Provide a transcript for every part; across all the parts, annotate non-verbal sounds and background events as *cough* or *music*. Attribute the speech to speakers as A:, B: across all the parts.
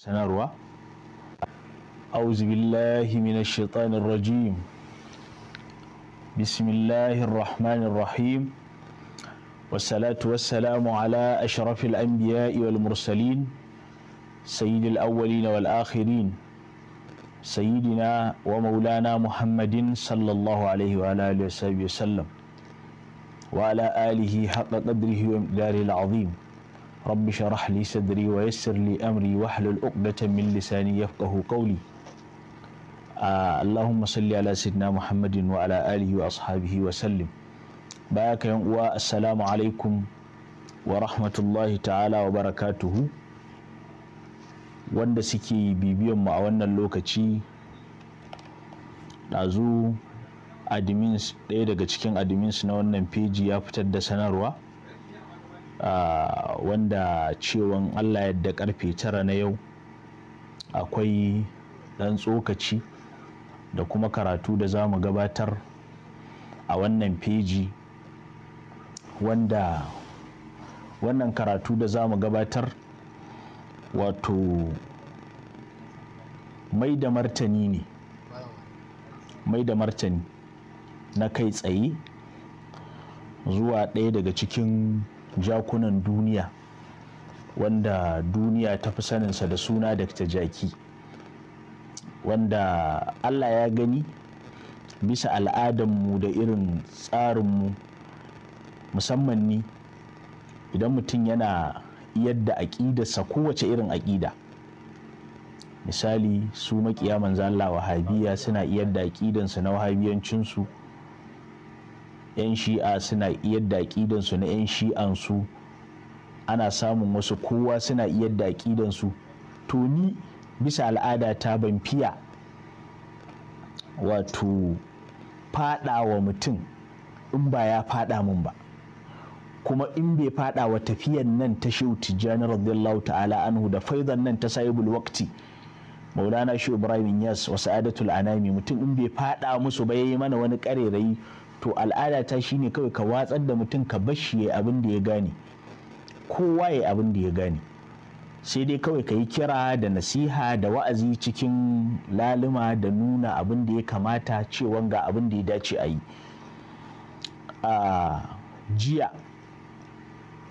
A: سنروى أعوذ بالله من الشيطان الرجيم بسم الله الرحمن الرحيم والصلاة والسلام على أشرف الأنبياء والمرسلين سيد الأولين والآخرين سيدنا ومولانا محمد صلى الله عليه وعلى آله وسلم وعلى آله حق قدره وإمداره العظيم رب شرح لي صدري ويسر لي أمري وحل الأقدة من لساني يفقه قولي آه اللهم صل على سيدنا محمد وعلى آله وأصحابه وسلم باك يا السلام عليكم ورحمة الله تعالى وبركاته wanda سكي بيبيوم mu a wannan lokaci ɗazu admins ɗaya daga cikin admins na wannan Ah, wanda cewan allah ya yadda karfe tara na yau akwai ɗan tsokaci da kuma karatu da za mu gabatar a wannan feji wanda wannan karatu da za mu gabatar wato mai da martani ne mai da martani na kai tsaye zuwa ɗaya daga cikin jakunan duniya wanda duniya ta fi saninsa da suna Dr. Jaki wanda Allah ya gani bisa al'adanmu da irin tsarinmu musamman ni idan mutum yana yadda aƙidarsa kowace irin aƙida misali su maƙiya manzan Allah wahabiya suna yadda aƙidansu na wahabiyancinsu 'yan shi'a suna iya da na 'yan shi'ansu ana samun wasu kowa suna iya da su to ni bisa al'ada ta ban fiya wato fada wa mutum in ba ya fada min ba kuma in bai fada wa tafiyan nan ta shehu tijjani radiyallahu ta'ala anhu da faizan nan ta sahibul wakti maulana shi ibrahim yas wa sa'adatul anami mutum in bai fada musu ba yayi mana wani karerayi to al'ada ta shine kawai ka watsar da mutum ka shi ya abin da ya gane kowa ya abin da ya gane sai dai kawai ka yi kira da nasiha da wa'azi cikin laluma da nuna abin da ya kamata cewa ga abin da ya dace a yi a jiya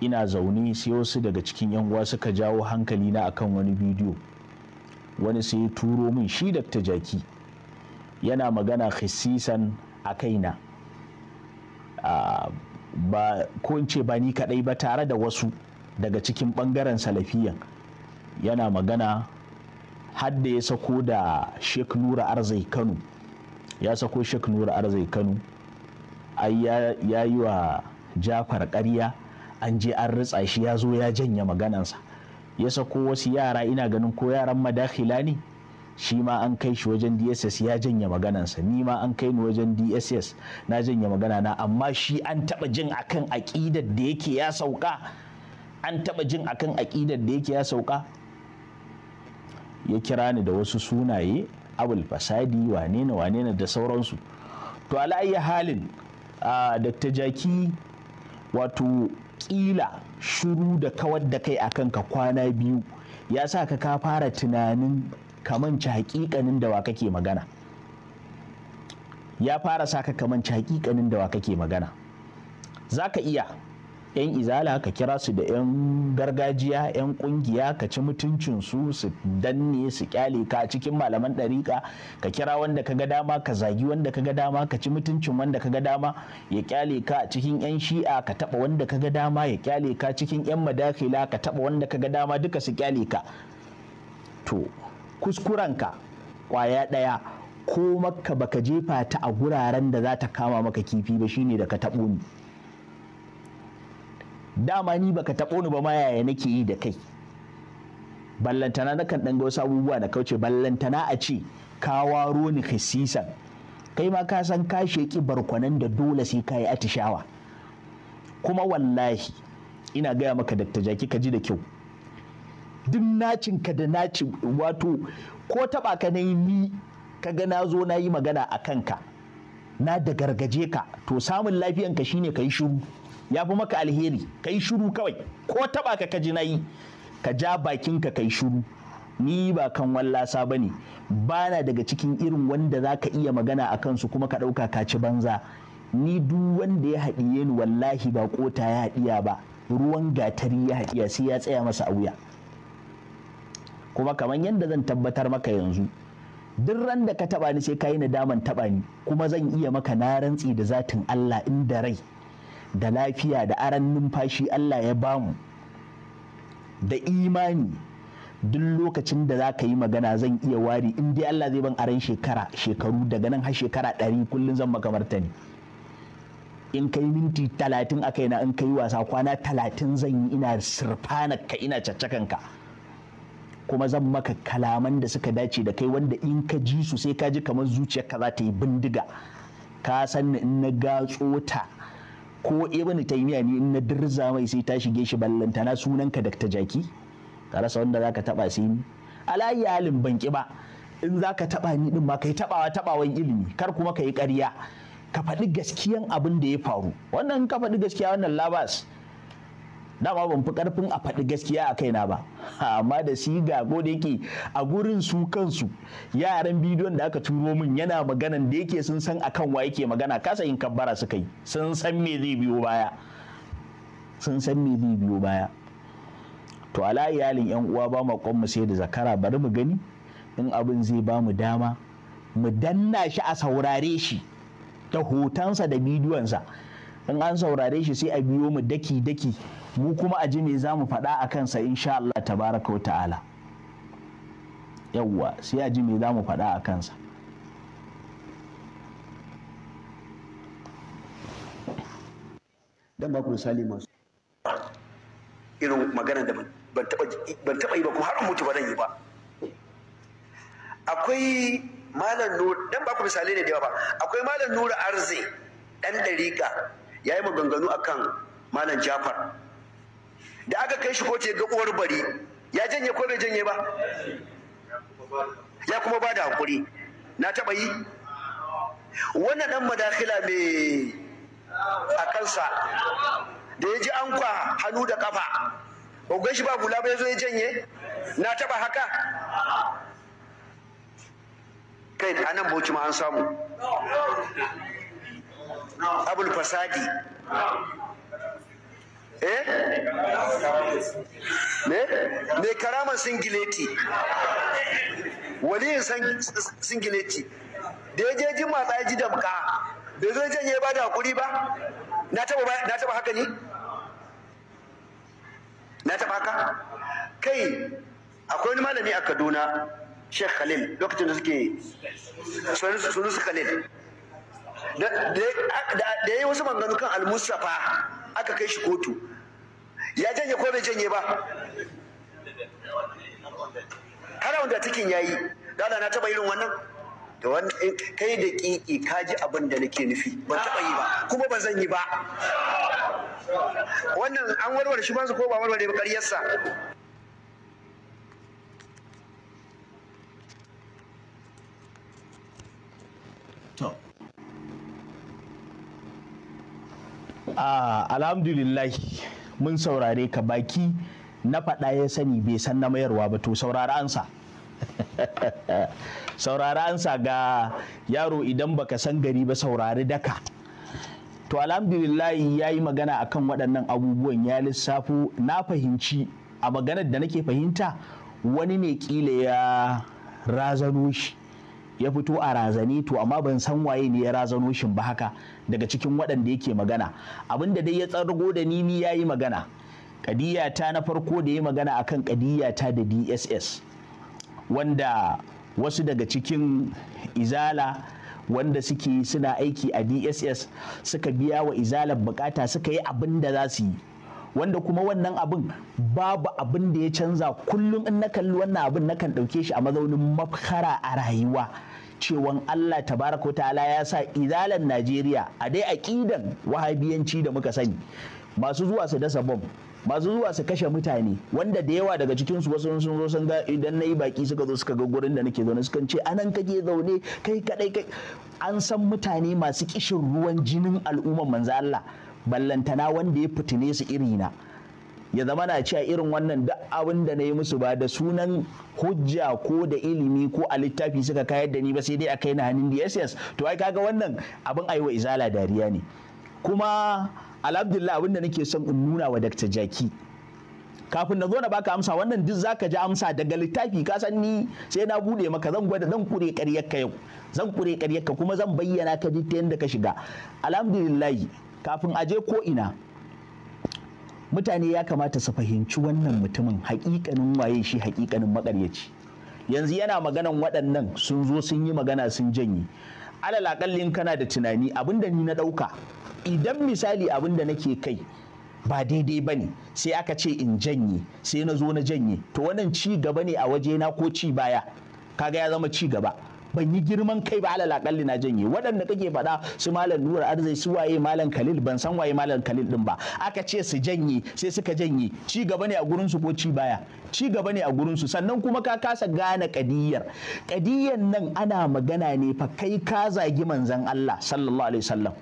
A: ina zaune sai wasu daga cikin yan uwa suka jawo hankali na akan wani bidiyo wani sai turo min shi dakta jaki yana magana khisisan a kaina ba ko in ce ba ni kadai ba tare da wasu daga cikin ɓangaren salafiyan yana magana har da ya sako da sheik nura arzai kano ya sako sheik nura arzai kano ai ya yi wa jafar ƙarya an je an ritsa shi ya zo ya janye maganansa ya sako wasu yara ina ganin ko yaran madakhila ne shi ma an kai shi wajen dss ya janye maganansa ni ma an kai ni wajen dss na janya magana na amma shi an taba jin akan aƙidar da yake ya sauka an taba jin akan aƙidar da yake ya sauka ya kira ni da wasu sunaye abul fasadi wane na wane na da sauransu to ala'ayya halin dr jaki wato kila shiru da kawar da kai akan ka kwana biyu ya sa ka fara tunanin kamanci hakikanin da wa kake magana ya fara saka kamanci hakikanin da wa kake magana za ka iya 'yan izala ka kira su da 'yan gargajiya 'yan ƙungiya ka ci mutuncinsu su danne su kyale ka cikin malaman ɗariƙa ka kira wanda ka ga dama ka zagi wanda ka ga dama ka ci mutuncin wanda ka ga dama ya kyale ka cikin 'yan shi'a ka taɓa wanda ka ga dama ya kyale ka cikin 'yan madakila ka taɓa wanda ka ga dama duka su kyale ka to kuskurenka kwaya ɗaya ko maka baka jefa ta a guraren da za ta kama maka kifi ba shine da ka taɓo ni dama ni baka taɓo ni ba ma yaya nake yi da kai ballantana na kan ɗanga wasu abubuwa da kauce ballantana a ce ka waro ni hisisan kai ma ka san ka sheƙi barkwanan da dole sai ka yi atishawa kuma wallahi ina gaya maka dakta jaki ka ji da kyau duk nacin ka da naci wato ko taba ka na yi ni kaga na zo na yi magana a kanka na da gargaje ka to samun lafiyan ka shine ka yi shiru ya fi maka alheri ka yi shiru kawai ko taba ka kaji na yi ka ja bakin ka ka yi shiru ni ba kan wallasa ba ne ba na daga cikin irin wanda za ka iya magana a kansu kuma ka ɗauka ka ci banza ni duk wanda ya haɗiye ni wallahi ba kota ya haɗiya ba ruwan gatari ya haɗiya sai ya tsaya masa a wuya kuma kamar yadda zan tabbatar maka yanzu duk ran da ka taɓa ni sai ka yi nadaman taɓa ni kuma zan iya maka na rantsi da zatin Allah inda rai da lafiya da aran numfashi Allah ya bamu da imani duk lokacin da za ka yi magana zan iya wari in dai Allah zai ban aran shekara shekaru daga nan har shekara ɗari kullum zan maka martani in kai minti talatin a kaina in kai wasa kwana talatin zan yi ina sirfana ka ina caccakan ka kuma zan maka kalaman da suka dace da kai wanda in ka ji su sai ka ji kamar zuciyarka za ta yi bindiga ka san in na gatso ta ko ibn taymiya ne in na dirza mai sai ta shige shi tana sunanka da ta jaki ka rasa wanda zaka taba sai ni alayi halin banki ba in zaka taba ni din ma kai tabawa tabawan ilimi kar kuma kai ƙarya ka faɗi gaskiyan abin da ya faru wannan ka faɗi gaskiya wannan labas dama ban fi karfin a faɗi gaskiya a kaina ba amma da shi ga ko da yake a gurin su kansu yaran bidiyon da aka turo min yana maganan da yake sun san akan wa yake magana kasa yin kabbara suka yi sun san me zai biyo baya sun san me zai biyo baya to ala iyalin yan uwa ba ma mu sai da zakara bari mu gani in abin zai ba mu dama mu danna shi a saurare shi ta hotonsa da bidiyonsa in an saurare shi sai a biyo mu daki-daki mu kuma a ji me za mu faɗa a kansa insha Allah tabaraka wa ta'ala yawwa sai a ji me za mu faɗa a kansa
B: dan ba ku misali masu irin magana da ban taɓa yi ba ko har mutu ba yi ba akwai malam nur dan ba ku misali ne da yawa ba akwai malam nura arze dan dariƙa yayi maganganu akan malam jafar da aka kai shi kotu ya ga uwar bari ya janye ko bai janye ba ya kuma ba da hakuri na taɓa yi wannan dan madakila mai a kansa da ya ji an kwa hannu da kafa ba shi ba hula ba ya zo ya janye na taɓa haka kai a nan bauchi ma an samu abul fasadi ne eh? mai karaman singileti waliyin singileti da ya je jin matsa ya ji damka bai zai janye ba da hakuri ba na taba haka ne na taba haka kai akwai wani malami a kaduna sheikh khalil lokacin da suke sunusu khalil da ya yi wasu maganganu kan al-mustapha aka kai shi kotu ya janye ko bai janye ba har wanda cikin yayi dala na taba irin wannan da wannan kai da kiki ka ji abin da nake nufi ban taba yi ba kuma ba zan yi ba wannan an warware shi ba su ko ba warware ba karyarsa
A: alhamdulillah mun saurare ka baki na faɗa ya sani bai san na mayarwa ba to saurara ansa *laughs* saurara ansa ga yaro idan baka san gari ba saurari daka to alhamdulillah ya yi magana akan waɗannan abubuwan ya lissafo na fahimci a maganar da nake fahimta wani ne ƙila ya razano shi ya fito a razani to amma ban san waye ne ya razano shin ba haka daga cikin waɗanda yake magana abin da dai ya tsargo da ni ni yayi magana kadiyata na farko da ya magana akan kadiyata da DSS wanda wasu daga cikin izala wanda suke suna aiki a DSS suka biya wa izalar bukata suka yi abin da za su yi wanda kuma wannan abin babu abin da ya canza kullum in na kalli wannan abin na kan ɗauke shi a mazaunin mafkara a rayuwa cewan Allah tabaraka ta'ala ya sa izalan Najeriya a dai aƙidan wahabiyanci da muka sani masu zuwa su dasa bom masu zuwa su kashe mutane wanda da yawa daga cikinsu wasu sun zo sun ga idan na yi baki suka zo suka ga gurin da nake zaune sukan ce anan kake zaune kai kadai kai an san mutane masu kishin ruwan jinin al'umman manzo Allah ballantana wanda ya fitine su irina na ya zama na cewa irin wannan duk abin da na yi musu ba da sunan hujja ko da ilimi ko a littafi suka kayar da ni ba sai dai a kai na hannun DSS to ai kaga wannan abin ayi wa izala dariya ne kuma alhamdulillah abin da nake son in nuna wa Dr. Jaki kafin na zo na baka amsa wannan duk zaka ji amsa daga littafi ka san ni sai na bude maka zan gwada zan kure ƙaryar ka yau zan kure ƙaryar ka kuma zan bayyana ka duk ta yadda ka shiga alhamdulillah kafin aje ko ina mutane ya kamata su fahimci wannan mutumin hakikanin waye shi hakikanin makaryaci yanzu yana maganan waɗannan sun zo sun yi magana sun janye alal akallin kana da tunani abinda ni na ɗauka idan misali abin da nake kai ba daidai ba ne sai aka ce in janye sai na zo na janye to wannan ci gaba ne a wajena ko ci baya kaga ya zama ci gaba ban yi girman kai ba alal akalli na janye waɗanda kake faɗa su malam nura arzai su waye malam khalil ban san waye malam khalil din ba aka ce su janye sai suka janye ci gaba ne a gurin su ko ci baya ci gaba ne a gurin su sannan kuma ka kasa gane kadiyar kadiyar nan ana magana ne fa kai ka zagi manzon Allah sallallahu alaihi wasallam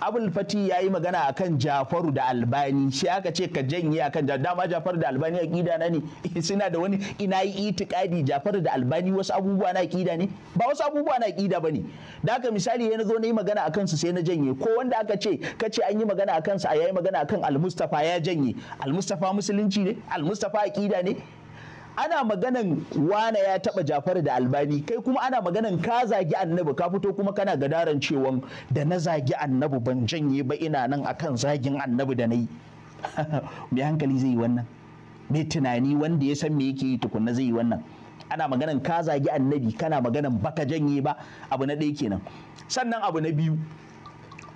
A: abul fati ya yi magana a kan jafaru da albani shi aka ce ka janye a kan dama jafaru da albani aƙida na ne *laughs* suna da wani ina yi itikadi jafaru da albani wasu abubuwa na aƙida ne ba wasu abubuwa na aƙida ne da aka misali ya zo na yi magana a kansu sai na janye ko wanda aka ce ka ce an yi magana a kansa a yayi magana a kan almustafa ya janye almustafa musulunci ne almustafa aƙida ne ana maganan wane ya taba Jafaru da Albani kai kuma ana maganan ka zagi Annabi ka fito kuma kana gadaran cewa da na zagi Annabi ban janye ba ina nan akan zagin Annabi da nayi *laughs* me hankali zai yi wannan mai tunani wanda ya san me yake yi tukunna zai yi wannan ana maganan ka zagi Annabi kana maganan baka janye ba abu na ɗaya kenan sannan abu na biyu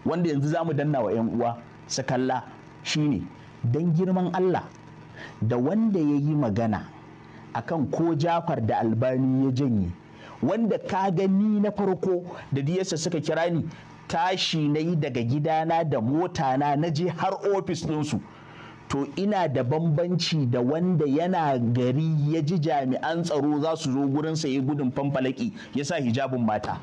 A: wanda yanzu za mu danna wa 'yan uwa su kalla shine dan girman Allah da wanda ya yi magana akan ko jafar da albani ya janye wanda ka gani na farko da diyarsa suka kira ni tashi na yi daga gidana da motana na je har ofis ɗinsu to ina da bambanci da wanda yana gari ya ji jami'an tsaro za su zo gurinsa ya gudun fanfalaki ya sa hijabin mata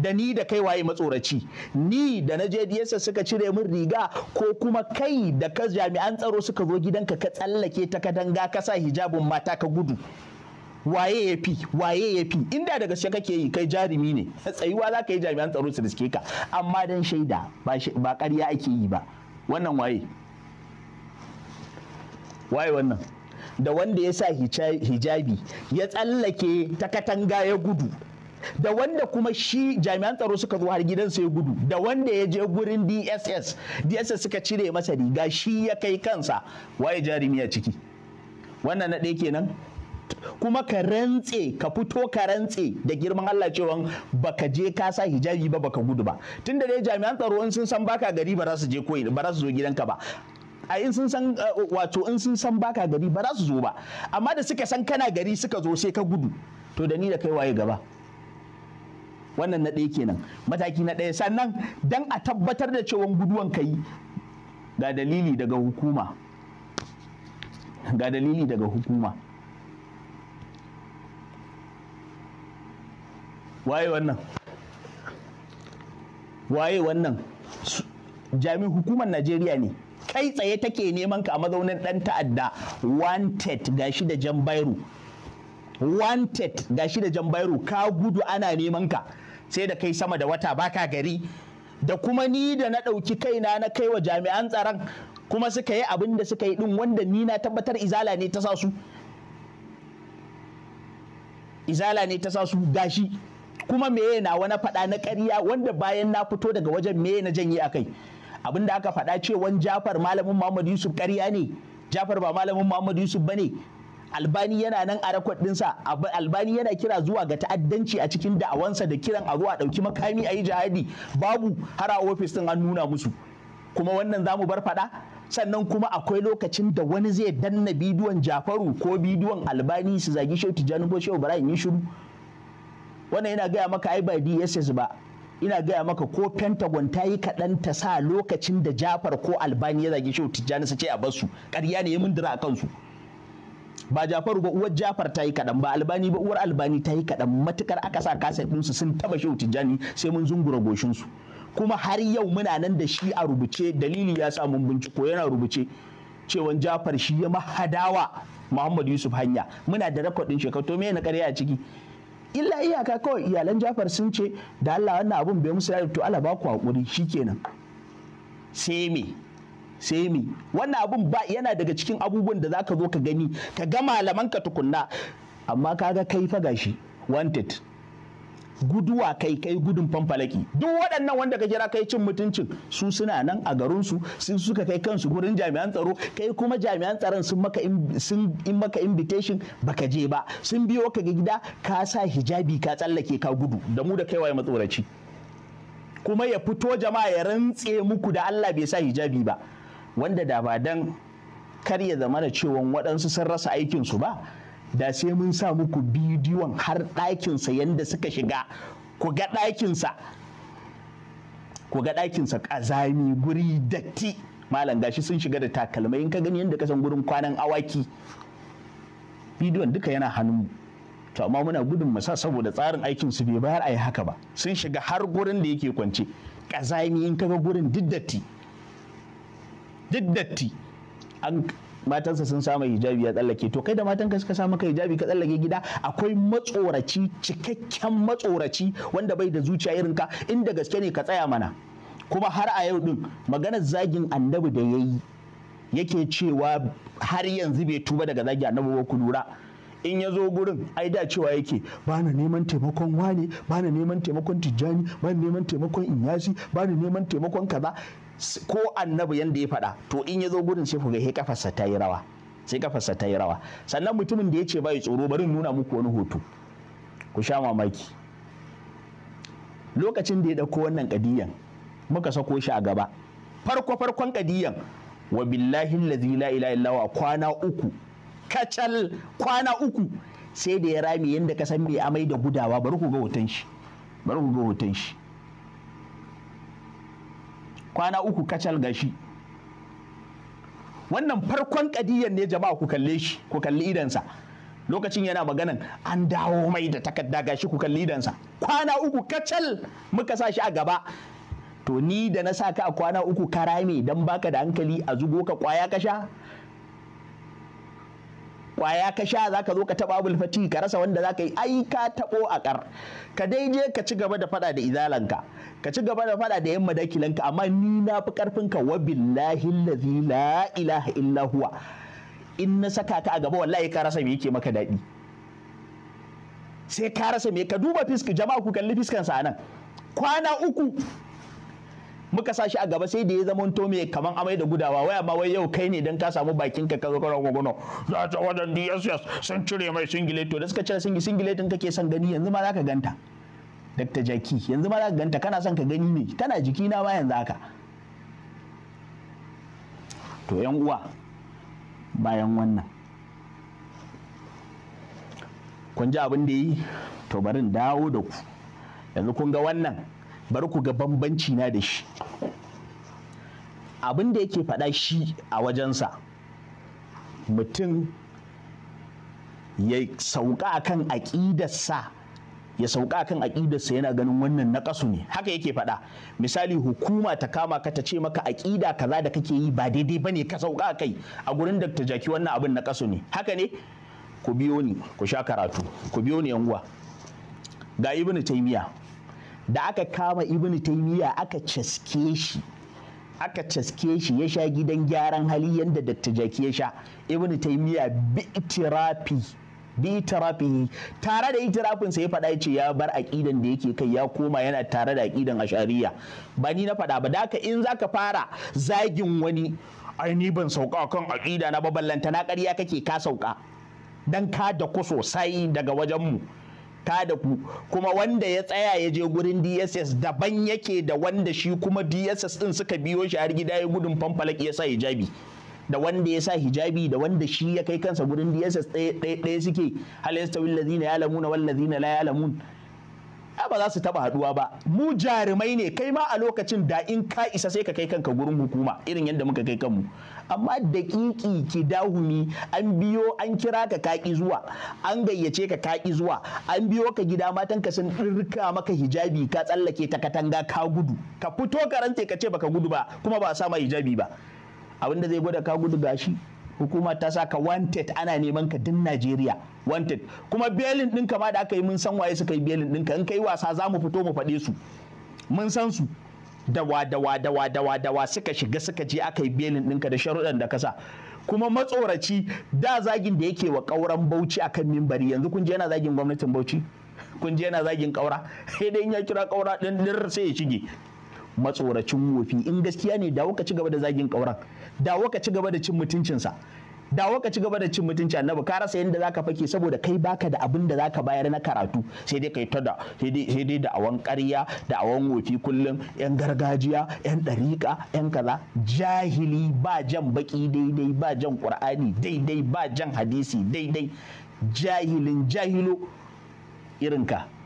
A: da ni da kai waye matsoraci ni da na je DSS suka cire min riga ko kuma kai da ka jami'an tsaro suka zo gidanka ka tsallake ta katanga ka sa hijabin mata ka gudu waye ya fi waye ya fi inda da gaske kake yi kai jarumi ne tsayuwa za ka yi jami'an tsaro su riske ka amma dan shaida ba ƙarya ake yi ba wannan waye waye wannan da wanda ya sa hijabi ya tsallake ta katanga ya gudu da wanda kuma shi jami'an tsaro suka zo har gidansa ya gudu da wanda ya je gurin dss dss suka cire masa riga shi ya kai kansa waye jarumi a ciki wannan na ɗaya kenan kuma ka rantse ka fito ka rantse da girman Allah cewa baka je ka sa hijabi ba baka gudu ba tunda dai jami'an tsaro in sun san baka gari ba za su je koyi ba za su zo gidanka ba a in sun san eh, wato in sun san baka gari ba za su zo ba amma da suka san kana gari suka zo sai ka gudu to da ni da kai waye gaba wannan na ɗaya kenan mataki na ɗaya sannan don a tabbatar da cewa guduwan kai ga dalili daga hukuma ga dalili daga hukuma waye wannan waye wannan jami'in hukumar najeriya ne kai tsaye take neman ka a mazaunin ɗan ta'adda wanted gashi da jan bairu wanted shi da jambairu ka gudu ana neman ka sai da kai sama da wata baka gari da kuma ni da na ɗauki kaina na kai wa jami'an tsaron kuma suka yi abin da suka yi din, wanda ni na tabbatar izala ne ta sa su izala ne ta sa su gashi kuma meye na wani faɗa na ƙarya wanda bayan na fito daga wajen meye na janye akai abin da aka faɗa cewa jafar malamin muhammad yusuf ƙarya ne jafar ba malamin muhammad yusuf ba ne. albani yana nan a rakwad sa albani yana kira zuwa ga ta'addanci a cikin da'awansa da kiran a zuwa ɗauki makami a yi jihadi babu har a ofis ɗin an nuna musu kuma wannan za bar faɗa sannan kuma akwai lokacin da wani zai danna bidiyon jafaru ko bidiyon albani su zagi shehu tijjani ko shehu ibrahim yi shiru wannan yana gaya maka ai ba dss ba ina gaya maka ko pentagon ta yi kaɗan ta sa lokacin da jafar ko albani ya zagi shehu tijjani su ce a basu ƙarya ne ya mundura a kansu ba Jafaru ba uwar Jafar ta yi kaɗan ba Albani ba uwar Albani ta yi kaɗan matukar aka sa kasa ɗinsu sun taba shi Tijjani sai mun zungura goshinsu kuma har yau muna nan da shi a rubuce dalili ya sa mun binciko yana rubuce cewan Jafar shi ya mahadawa Muhammad Yusuf hanya muna da rekodin shekaru to me na ƙarya a ciki illa iyaka kawai iyalan Jafar sun ce da Allah wannan abun bai musu to Allah ba ku hakuri shikenan sai me sai wannan abun ba yana daga cikin abubuwan da zaka zo ka gani ka ga malaman ka tukunna amma kaga kai fa gashi wanted guduwa kai kai gudun fanfalaki duk waɗannan wanda ka kira kai cin mutuncin su suna nan a garin su sun suka kai kansu gurin jami'an tsaro kai kuma jami'an tsaron sun maka sun in maka invitation baka je ba sun biyo ka gida ka sa hijabi ka tsallake ka gudu da mu da kai waye matsoraci kuma ya fito jama'a ya rantse muku da Allah bai sa hijabi ba wanda da ba dan kar ya zama da cewa waɗansu sun rasa aikinsu ba da sai mun sa muku bidiyon har ɗakinsa yadda suka shiga ku ga ɗakinsa ku ga ɗakinsa ƙazami guri datti malam gashi sun shiga da takalmai in ka gani yadda kasan gurin kwanan awaki bidiyon duka yana hannun to amma muna gudun masa saboda tsarin aikin su bai bayar a yi haka ba sun shiga har gurin da yake kwance ƙazami in ka ga gurin duk datti duk datti an matansa sun samu hijabi ya tsallake to kai da matanka suka samu ka hijabi ka tsallake gida akwai matsoraci cikakken matsoraci wanda bai da zuciya irin ka inda gaske ne ka tsaya mana kuma har a yau din maganar zagin annabi da yayi yake cewa har yanzu bai tuba daga zagi annabi ba ku lura in ya zo gurin ai da cewa yake ba na neman taimakon wane ba na neman taimakon tijjani ba na neman taimakon inyasi ba na neman taimakon kaza ko annabi yanda ya faɗa to in ya zo gudun sai ku ga sai kafarsa ta yi rawa sai kafarsa ta yi rawa sannan mutumin da ya ce bai tsoro bari nuna muku wani hoto ku sha mamaki lokacin da ya dauko wannan ƙadiyyan, muka sako shi a gaba farko farkon ƙadiyyan, wa billahi allazi la ilaha illa kwana uku kacal kwana uku sai da ya rame yanda ka san me amai da gudawa bari ku ga hoton shi bari ku ga hoton shi kwana uku kacal gashi wannan farkon kadiyan ne jama'a ku kalle shi ku kalli idansa lokacin yana maganan an dawo mai da takarda gashi ku kalli idansa kwana uku kacal muka sa shi a gaba to ni da na sa ka a kwana uku ka rame dan baka da hankali a zugo ka kwaya ka sha kwaya ka sha ka zo ka taɓa abul fati ka rasa wanda zaka yi ai ka taɓo a ƙar ka dai je ka ci gaba da faɗa da izalanka ka ci gaba da faɗa da yan madakilanka amma ni na fi karfin ka wa billahi allazi la ilaha illa huwa in na saka ka a gaba wallahi ka rasa me yake maka daɗi sai ka rasa me ka duba fisk jama'a ku kalli fiskan sa nan kwana uku muka sa shi a gaba sai da ya zama to mai kaman amai da gudawa waya ma wai yau kai ne dan ka samu bakin ka ka zo gogono za ta wadan DSS sun cire mai singile to da suka cire singi singile din kake son gani yanzu ma zaka ganta Dr. Jaki yanzu ma zaka ganta kana son ka gani ne tana jiki na ba yanzu haka to yan uwa bayan wannan kun ji abin da yi to bari dawo da ku yanzu kun ga wannan bari ku ga bambanci na da shi abin da yake faɗa shi a wajensa mutum ya sauka kan aƙidarsa ya sauka kan aƙidarsa yana ganin wannan na ƙasu ne haka yake faɗa misali hukuma ta kama ka ta ce maka aƙida kaza da kake yi ba daidai bane ka sauka kai a gurin da ta Jaki wannan abin na ƙasu ne haka ne ku biyo ni ku sha karatu ku biyo ni yan uwa ga ibnu taymiya da aka kama ibn taimiyya aka caske shi aka caske shi ya sha gidan gyaran hali yadda dattijaki ya sha ibn taimiyya bi itirafi tare da itirafin sa ya faɗa yace ya bar aqidan da yake kai ya koma yana tare da aqidan ashariya ba ni na fada ba da ka in zaka fara zagin wani ai ni ban sauka kan aqida na ballanta na ƙarya kake ka sauka dan ka da ku sosai daga wajen mu ta da ku kuma wanda ya tsaya ya je gurin dss daban yake da wanda shi kuma dss din suka biyo shi har gida ya gudun fanfalaki ya sa hijabi da wanda ya sa hijabi da wanda shi ya kai kansa gurin dss ɗaya suke stawin lazina ya lamuna wal lazina la lamun. ba za su taba haduwa ba mu jarumai ne kai ma a lokacin da in ka isa sai ka kai kanka gurin hukuma irin yadda muka kai kanmu amma da kiki ki dahumi an biyo an kira ka kaki zuwa an gayyace ka kaki zuwa an biyo ka gida matan ka sun dirka maka hijabi ka tsallake ta katanga ka gudu ka fito ka rantse ka ce baka gudu ba kuma ba sa ma hijabi ba abinda zai gwada ka gudu gashi hukumar ta saka wanted ana neman ka din Najeriya wanted kuma belin ɗinka kama da aka yi mun san waye suka yi belin ɗinka in kai wasa za mu fito mu faɗe su mun san su dawa dawa dawa dawa dawa suka shiga suka je aka yi belin ɗinka da sharuɗan da kasa kuma matsoraci da zagin da yake wa kauran bauchi akan mimbari yanzu kun je yana zagin gwamnatin bauchi kun je yana zagin ƙaura sai dai in ya kira kaura din ɗin sai ya shige matsoracin wofi in gaskiya ne dawo ka ci gaba da zagin kauran dawo ka ci gaba da cin mutuncinsa dawo ka ci gaba da cin mutunci annabi ka rasa yadda zaka fake saboda kai baka da abin da zaka bayar na karatu sai dai kai ta da sai dai da awan ƙarya da awan wofi kullum yan gargajiya yan ɗariƙa yan kaza jahili ba jan baki daidai ba jan qur'ani daidai ba jan hadisi daidai jahilin jahilo irinka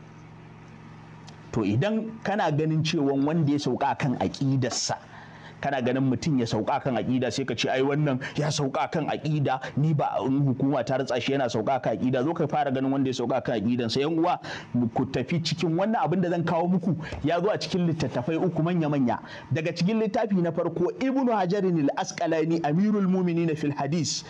A: to idan kana ganin cewa wanda ya sauka kan aƙidarsa kana ganin mutum ya sauka kan aƙida sai ka ce ai wannan ya sauka kan aƙida ni ba a hukuma ta ratsa shi yana sauka kan aƙida zo ka fara ganin wanda ya sauka kan aƙidan sai yan uwa ku tafi cikin wannan abin da zan kawo muku ya zo a cikin littattafai uku manya manya daga cikin littafi na farko ibnu hajarin al-asqalani amirul mu'minin fil hadith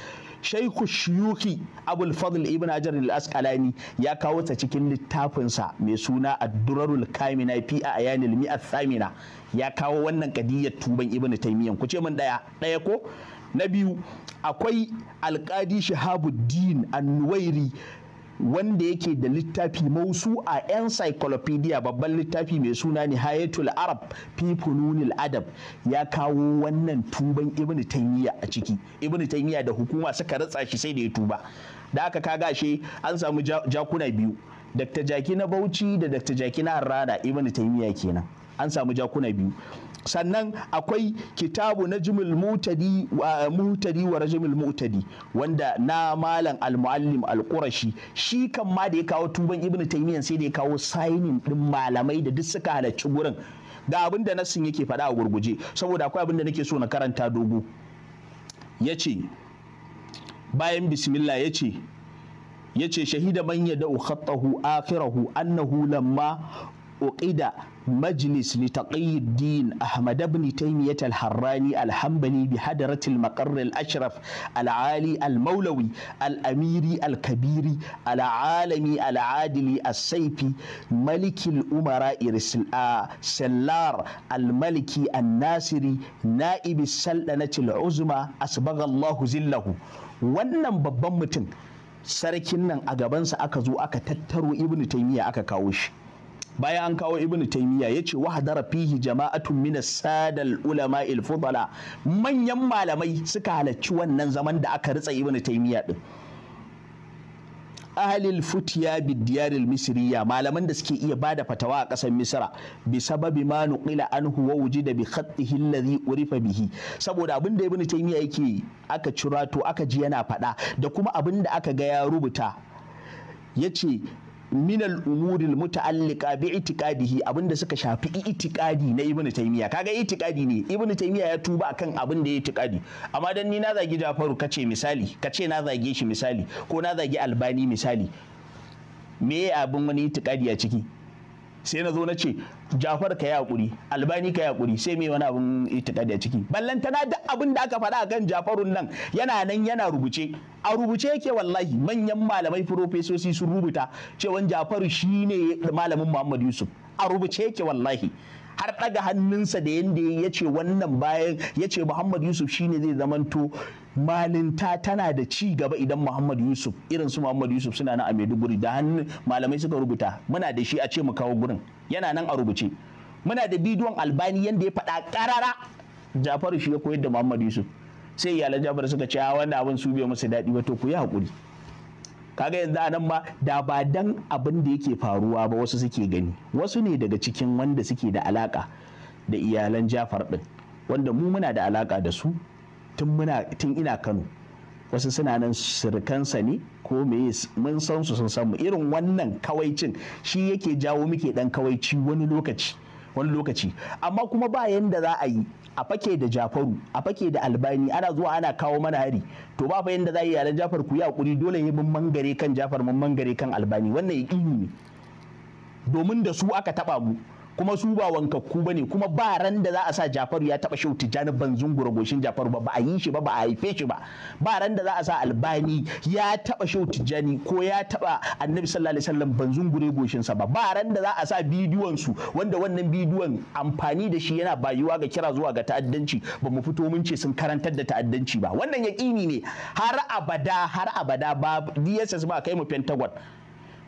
A: shaikhu shiyuki abul fadl ibn hajar al-asqalani ya kawo ta cikin littafinsa mai suna ad-durarul kamina fi ayanil mi'at thamina ya kawo wannan kadiyar tuban ibn taymiyan kuce ce min daya daya ko na biyu akwai alqadi shahabuddin annuwairi wanda yake da littafi mausu a encyclopedia babban littafi mai suna nihayatul arab fi fununil adab ya kawo wannan tuban ibn taymiya a ciki ibn taymiya da hukuma suka ratsa shi sai da ya tuba da aka kaga shi an samu jakuna biyu dr jaki na bauchi da dr jaki na harrada ibn taymiya kenan an samu jakuna biyu sannan akwai kitabu na jimil mutadi wa rajimil mutadi wanda na malam al alqurashi shi kan ma da ya kawo tuban ibnu taymiyyah sai da ya kawo sayinin din malamai da duk suka halarci gurin ga abin da nassin yake faɗa a gurguje saboda akwai abin da nake so na karanta dogo Yace, bayan bismillah yace, yace shahida man ya khattahu akhirahu annahu lamma uqida majlis litaqiyi din ahmad ibn taymiyyah al-harrani al-hanbali bi hadrat al ashraf al-ali al-maulawi al-amiri al-kabiri al-alami al-adili umara irsil a sallar al-maliki an-nasiri na'ib as uzma asbagha zillahu wannan babban mutum sarkin nan a gabansa aka zo aka tattaro ibnu taymiya aka kawo shi bayan an kawo ibnu taymiya yace wa hadara fihi jama'atun min sadal ulama il fudala manyan malamai suka halacci wannan zaman da aka ritsa ibnu taymiya din al futiya al misriya malaman da suke iya bada fatawa a ƙasar misra bi sababi ma nuqila anhu wa wujida bi khatihi alladhi urifa bihi saboda abin da ibnu taymiya yake aka cirato aka ji yana faɗa da kuma abin da aka ga ya rubuta yace minal umuril muta'alliqa bi itiqadihi abinda suka shafi itiqadi na ibnu taymiya kaga itiqadi ne ibnu taymiya ya tuba akan abin da ya itiqadi amma dan ni na zagi Jafaru kace misali kace na zage shi misali ko na zagi Albani misali me abin wani itiqadi a ciki sai na zo na ce jafar ka yi hakuri albani ka yi hakuri sai mai wani abin itikadi a ciki ballantana duk abin da aka faɗa kan jafarun nan yana nan yana rubuce a rubuce yake wallahi manyan malamai furofesosi sun rubuta cewan jafaru shine malamin muhammad yusuf a rubuce yake wallahi har ɗaga hannunsa da yadda ya ce wannan bayan ya ce muhammad yusuf shine zai zamanto malinta tana da ci gaba idan Muhammad Yusuf irin su Muhammad Yusuf suna nan a Maiduguri da hannun malamai suka rubuta muna da shi a ce mu kawo gurin yana nan a rubuce muna da bidiyon albani yanda ya faɗa ƙarara Jafaru shi ya koyar da Muhammad Yusuf sai iyalan Jafaru suka ce wannan abin su bai masa daɗi ba to ku yi haƙuri kaga yanzu a nan ma da ba dan abin da yake faruwa ba wasu suke gani wasu ne daga cikin wanda suke da alaka da iyalan Jafar din wanda mu muna da alaka da su tun muna ina Kano wasu suna nan surkansa ne ko me mun san su sun san mu irin wannan kawaicin shi yake jawo muke dan kawaici wani lokaci wani lokaci amma kuma ba yanda za a yi a fake da jafaru a fake da albani ana zuwa ana kawo mana hari to ba fa yanda za a yi yaran jafar ku yi hakuri dole yi mun mangare kan jafar mun mangare kan albani wannan ya ne domin da su aka taba mu kuma su ba wankakku ba ne kuma ba ran da za a sa jafaru ya taba shautu tijjani banzun goshin jafaru ba ba a yi shi ba ba a haife shi ba ba ran da za a sa albani ya taba shautu Jani ko ya taba annabi sallallahu alaihi wasallam banzun gure sa ba ba ran da za a sa bidiyon su wanda wannan bidiyon amfani da shi yana bayuwa ga kira zuwa ga ta'addanci ba mu fito mun ce sun karantar da ta'addanci ba wannan yaƙini ne har abada har abada ba DSS ba kai mu Pentagon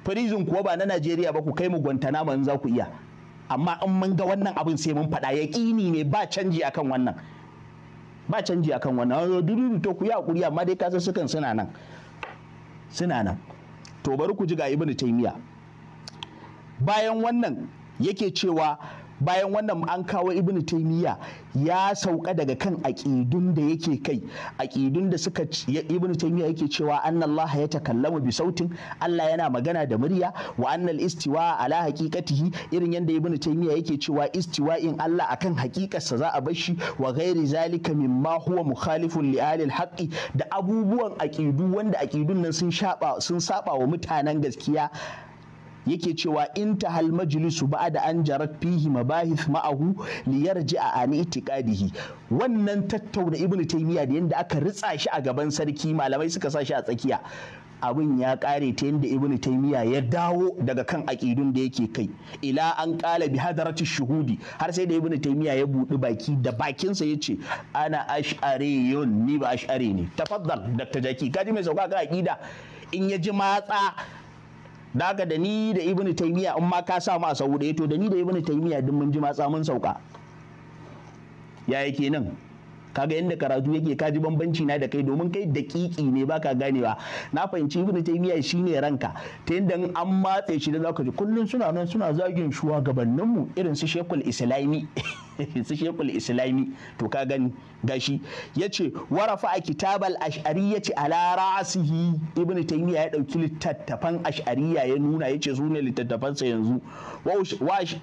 A: prison kuwa ba na Najeriya ba ku kai mu ma in za ku iya amma in mun ga wannan abin sai mun faɗa yaƙini ne ba canji akan wannan ba canji akan wannan dudu to ku yi hakuri amma dai kasan sukan suna nan suna nan to bari ku ji ga ibnu taymiya bayan wannan yake cewa bayan wannan an kawo ibnu taimiyya ya sauka daga kan aƙidun da yake kai aƙidun da suka ibnu taimiyya yake cewa annallah ya takallamu bi sautin Allah yana magana da murya wa annal istiwa ala haqiqatihi irin yanda ibnu taimiyya yake cewa istiwa in Allah akan haƙiƙarsa za a bar shi wa ghairi zalika mimma huwa mukhalifun li alil haqqi da abubuwan aƙidu wanda aƙidun nan sun sun saba wa mutanen gaskiya yake cewa in ta majalisu majlisu da an jarat fihi mabahis ma'ahu li a ani itiqadihi wannan tattauna Ibn taymiya da yanda aka ritsa shi a gaban sarki malamai suka sa shi a tsakiya abin ya kare ta yadda ibn taymiya ya dawo daga kan aƙidun da yake kai ila an kala bi hadarati shuhudi har sai da ibn taymiya ya buɗi baki da bakinsa ya ce ana ash'ariyun ni ba ash'ari ne tafaddal dr jaki kaji mai sauka ga aƙida in ya ji matsa daga da ni da ibnu taymiya in ma ka sa mu a sau da to da ni da ibnu taymiya duk mun ji matsa mun sauka yaya kenan kaga yadda karatu yake ka ji bambanci na da kai domin kai daƙiƙi ne ba baka ganewa na fahimci ibnu shi ne ranka ta yadda an matse shi da zaka ji kullum suna nan suna zagin shugabanninmu irin su shekul islami *laughs* *laughs* su shekul islami to ka gani gashi ya ce warafa a kitabal ash'ariya ce ala ra'asihi ibn taymiya ya dauki littattafan ash'ariya ya nuna ya ce su ne littattafansa yanzu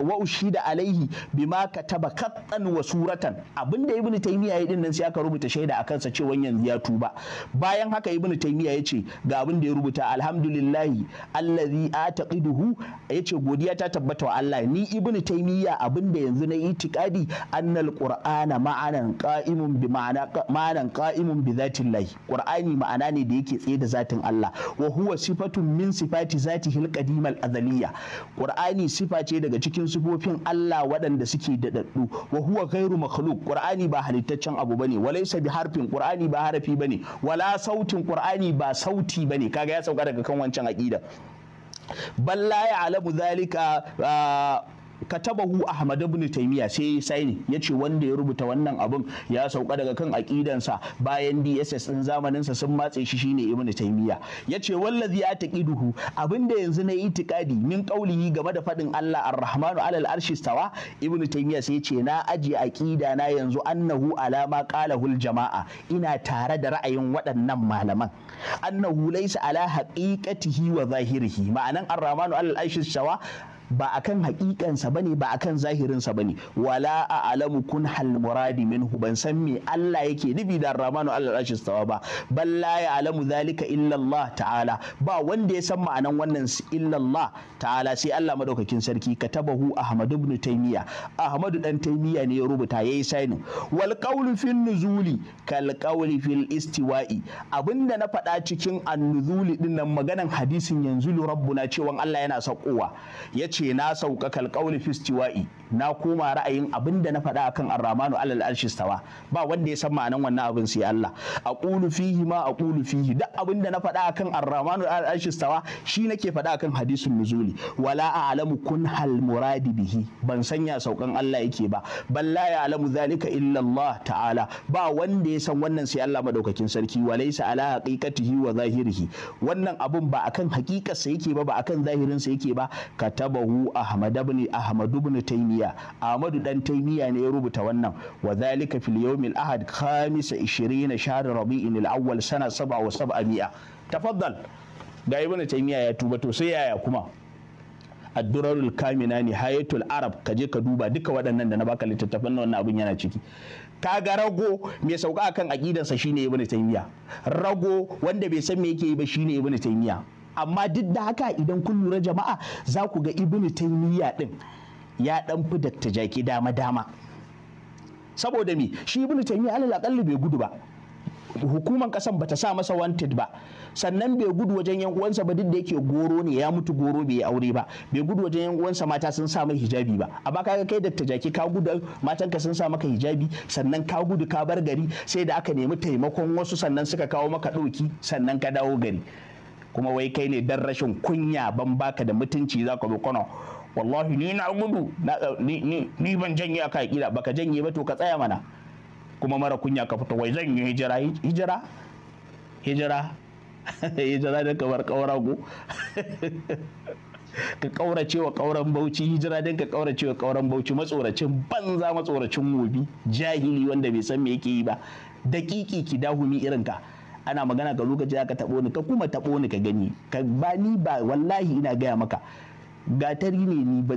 A: wa ushida alaihi bima kataba kattan wa suratan abinda ibn taymiya ya dinnan sai aka rubuta shaida akan sa cewa yanzu ya tuba bayan haka ibn taymiya ya ce ga abinda ya rubuta alhamdulillahi allazi ataqiduhu ya ce godiya ta tabbata wa Allah ni ibn taymiya abinda yanzu na itikadi qawli annal qur'ana ma'anan qa'imun bi ma'ana ma'anan qa'imun bi ma'ana ne da yake tsaye da zatin Allah wahuwa sifatun min sifati zatihi al-qadim al-azaliyya qur'ani sifa ce daga cikin sifofin Allah waɗanda suke dadaddu wa huwa ghairu makhluq qur'ani ba halittaccen abu bane walaysa bi harfin qur'ani ba harafi bane wala sautin qur'ani ba sauti bane kaga ya sauka daga kan wancan aqida bal la ya'lamu dhalika ah, katabahu Ahmad ibn Taymiyyah sai ya yace wanda ya rubuta wannan abun ya sauka daga kan aqidansa bayan DSS din zamanin sa sun matse shi shine Ibn Taymiyyah yace wallazi ataqiduhu abinda yanzu na itikadi min qaulihi game da fadin Allah Ar-Rahmanu alal arshi stawa Ibn Taymiyyah sai yace na aje aqida na yanzu annahu alama qalahul jama'a ina tare da ra'ayin waɗannan malaman annahu laysa ala haqiqatihi wa zahirihi ma'anan Ar-Rahmanu alal arshi stawa ba akan hakikansa bane ba akan zahirinsa bane wala a'lamu kun hal muradi minhu ban san me Allah yake nufi da Rahmanu Allah arshi stawa ba bal la alamu zalika illallah ta'ala ba wanda ya san ma'anan wannan illa Allah ta'ala sai Allah madaukakin sarki katabahu Ahmadu ibn Taymiya Ahmadu dan Taymiya ne ya rubuta yayi sainin wal qawlu fil nuzuli kal qawli fil istiwa'i abinda na faɗa cikin annuzuli dinnan maganan hadisin yanzu rabbuna cewa Allah yana saukowa yace ce na sauka kalqauli na koma ra'ayin abin da na faɗa akan arramanu alal arshi ba wanda ya san ma'anan wannan abin sai Allah aqulu fihi ma aqulu fihi duk abin da na faɗa akan arramanu alal arshi shi nake faɗa akan hadisin nuzuli wala a'lamu kun hal muradi bihi ban sanya saukan Allah yake ba balla ya alamu zalika illa Allah ta'ala ba wanda ya san wannan sai Allah madaukakin sarki walaysa ala haqiqatihi wa zahirihi wannan abun ba akan hakikarsa yake ba ba akan zahirinsa yake ba katabahu abu ahmad ibn ahmad ibn taymiya ahmadu dan taymiya ne ya rubuta wannan wa zalika fil yawm al ahad khamis 20 shahr rabi'in al awwal sana 77 tafaddal ga ibn taymiya ya tuba to sai yaya kuma addurarul kamina ne hayatul arab ka je ka duba duka waɗannan da na baka littattafan wannan abin yana ciki kaga rago mai sauka akan aqidansa shine ibn taymiya rago wanda bai san me yake yi ba shine ibn taymiya amma duk da haka idan kun lura jama'a za ku ga ibnu taymiya din ya dan fi dakta jaki dama dama saboda me shi ibnu taymiya alal akalli bai gudu ba hukuman kasan bata sa masa wanted ba sannan bai gudu wajen yan uwansa ba duk da yake goro ne ya mutu goro bai aure ba bai gudu wajen yan uwansa mata sun sa mai hijabi ba amma kaga kai dakta jaki ka gudu matanka sun sa maka hijabi sannan ka gudu ka bar gari sai da aka nemi taimakon wasu sannan suka kawo maka ɗoki sannan ka dawo gari kuma wai kai ne dan rashin kunya ban baka da mutunci za ka kano wallahi ni na gudu ni ban janye aka akida baka janye ba to ka tsaya mana kuma mara kunya ka fito wai zan yi hijira hijira hijira *laughs* hijira da kamar go? ka kaurace *laughs* wa kauran bauchi hijira don ka kaurace wa kauran bauchi matsoracin banza matsoracin wobi jahili wanda bai san me yake yi ba daƙiƙi ki dahumi irinka ana magana ka zo ka taɓo ni ka kuma taɓo ni ka gani ka ba ni ba wallahi ina gaya maka gatari ne ni ba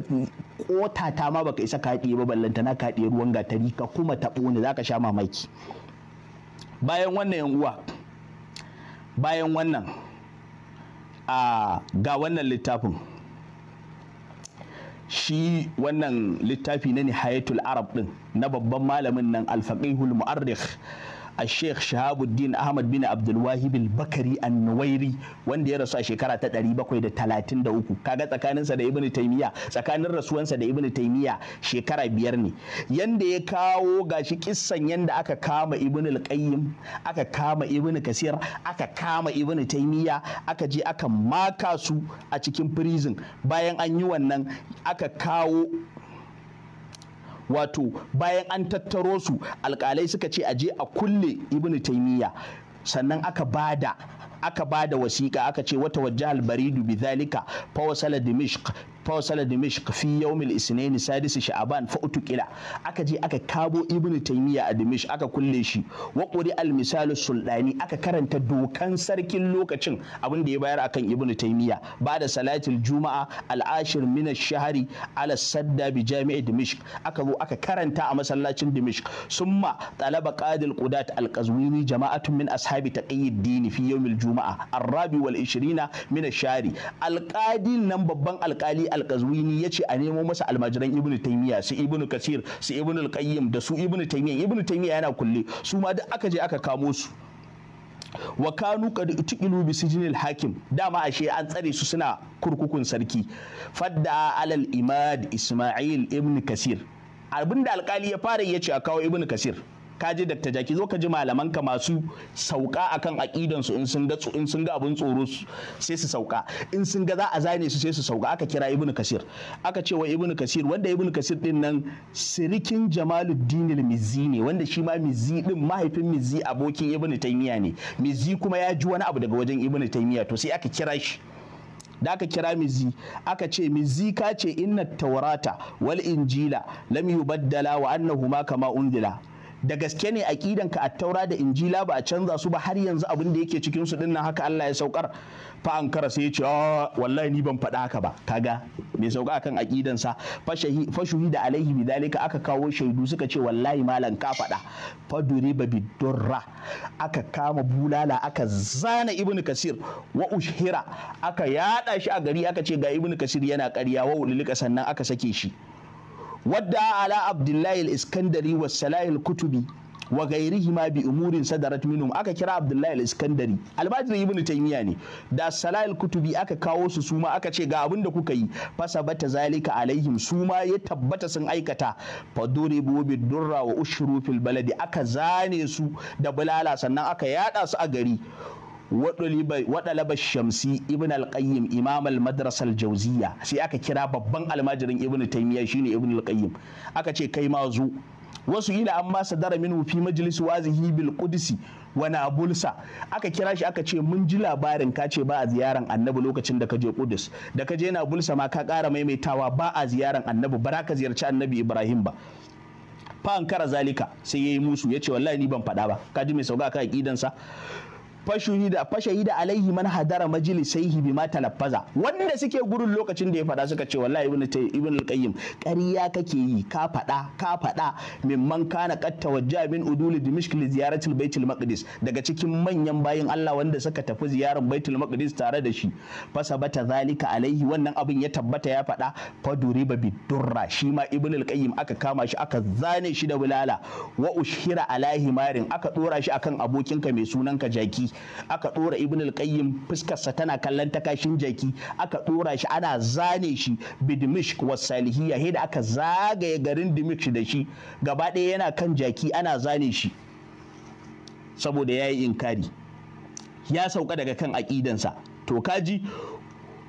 A: kota ta ma baka isa ka ba ballanta na ka ruwan gatari ka kuma taɓo ni zaka sha mamaki bayan wannan yan uwa bayan wannan a ga wannan littafin shi wannan littafi na nihayatul arab din na babban malamin nan alfaqihul mu'arrikh a sheikh shahabuddin ahmad bin abdulwahib bakari an-Nuwairi wanda ya rasu a shekara ta 733 kaga tsakaninsa da ibnu Taymiyyah tsakanin rasuwan sa da ibnu Taymiyyah shekara biyar ne yanda ya kawo gashi kissan yanda aka kama ibnu qayyim aka kama ibnu kasir aka kama ibnu taimiyya aka je aka maka su a cikin prison bayan an yi wannan aka kawo wato bayan an tattaro su alkalai suka ce aje a kulle ibnu taimiyya sannan aka bada aka bada wasiƙa aka ce wata wajjal baridu bi zalika fa wasala dimishq fawasala dimishq fi yawmil isnaini sadis sha'ban fa utuqila aka je aka kabo ibnu taymiya a dimishq aka kulle shi wa quri al misal sultani aka karanta dokan sarkin lokacin abin da ya bayar akan ibnu taymiya ba da salatil juma'a al ashir min shahari ala sadda bi jami'i dimishq aka zo aka karanta a masallacin dimishq summa talaba qadil qudat al qazwini jama'atun min ashabi taqiyyiddin fi yawmil juma'a ar-rabi wal 20 min ash-shahri al nan babban alkali alkazwini ya ce a nemo masa almajiran Ibn taymiya su ibnu kasir su ibnu alqayyim da su Ibn taymiya Ibn taymiya yana kulle su ma duk aka je aka kamo su wa kanu qad utiqilu bi sijnil hakim dama ashe an tsare su suna kurkukun sarki fadda alal imad isma'il ibnu kasir abinda alkali ya fara ya ce a kawo ibnu kasir ka ji dakta jaki zo ka ji malaman ka masu sauka akan aƙidansu in sun ga in sun ga abin tsoro sai su sauka in sun ga za a zane su sai su sauka aka kira ibnu kasir aka ce wa ibnu kasir wanda ibnu kasir din nan sirikin jamaluddin mizzi ne wanda shi ma mizzi din mahaifin mizzi abokin ibnu taymiya ne mizzi kuma ya ji wani abu daga wajen ibnu taymiya to sai aka kira shi da aka kira mizi aka ce mizi ka ce inna taurata wal injila lam yubaddala wa annahuma kama unzila da gaske ne aqidan ka taura da injila ba a canza su ba har yanzu abin da yake cikin su dinnan haka Allah ya saukar fa an kara sai ya ce ah, wallahi ni ban faɗa haka ba kaga mai sauka akan aqidan sa fa shuhida alaihi bidalika aka kawo shaidu suka ce wallahi malam ka faɗa fa ba bidurra aka kama bulala aka zana ibnu kasir wa ushira aka yada shi a gari aka ce ga ibnu kasir yana ƙarya wa ulilika sannan aka sake shi wadda ala abdullahi al-iskandari wa salahil kutubi wa gairihi ma bi umurin sadarat minhum aka kira abdullahi al-iskandari da ibnu taymiya ne da salahil kutubi aka kawo su suma aka ce ga abin da kuka yi fasabata zalika alaihim suma ya tabbata sun aikata bu bi durra wa ushru fil baladi aka zane su da bulala sannan aka yada su a gari waɗalaba shamsi ibn al-qayyim imam al-madrasa al sai aka kira babban almajirin ibn taimiya shine ibn al-qayyim aka ce kai ma zu wasu ila an ma sadara minhu fi majlis wazihi bil qudsi wa nabulsa aka kira shi aka ce mun ji labarin ka ce ba a ziyaran annabi lokacin da ka je qudus da ka je bulsa ma ka kara maimaitawa ba a ziyaran annabi ba ka ziyarci annabi ibrahim ba fa an kara zalika sai yayi musu ya ce wallahi ni ban faɗa ba ka ji mai sauka ka aqidansa fashahida da alaihi man hadara majlisaihi bima talaffaza wanda suke gurin lokacin da ya faɗa suka ce wallahi ibnu tay ibnu qayyim ƙarya kake yi ka faɗa ka faɗa mimman kana qad tawajja min udul dimishk li ziyaratil baitul maqdis daga cikin manyan bayin Allah wanda suka tafi ziyarar baitul maqdis tare da shi fasabata zalika alaihi wannan abin ya tabbata ya faɗa ba bidurra shi ma ibnu qayyim aka kama shi aka zane shi da bulala wa ushira alaihi marin aka dora shi akan abokinka mai sunan ka jaki aka ɗora ibn al fuskarsa tana kallon takashin jaki aka dora shi ana zane shi bidmishk wa salihiyya he da aka zagaye garin Dimish da shi gaba ɗaya yana kan jaki ana zane shi saboda yayi inkari ya sauka daga kan aƙidansa to kaji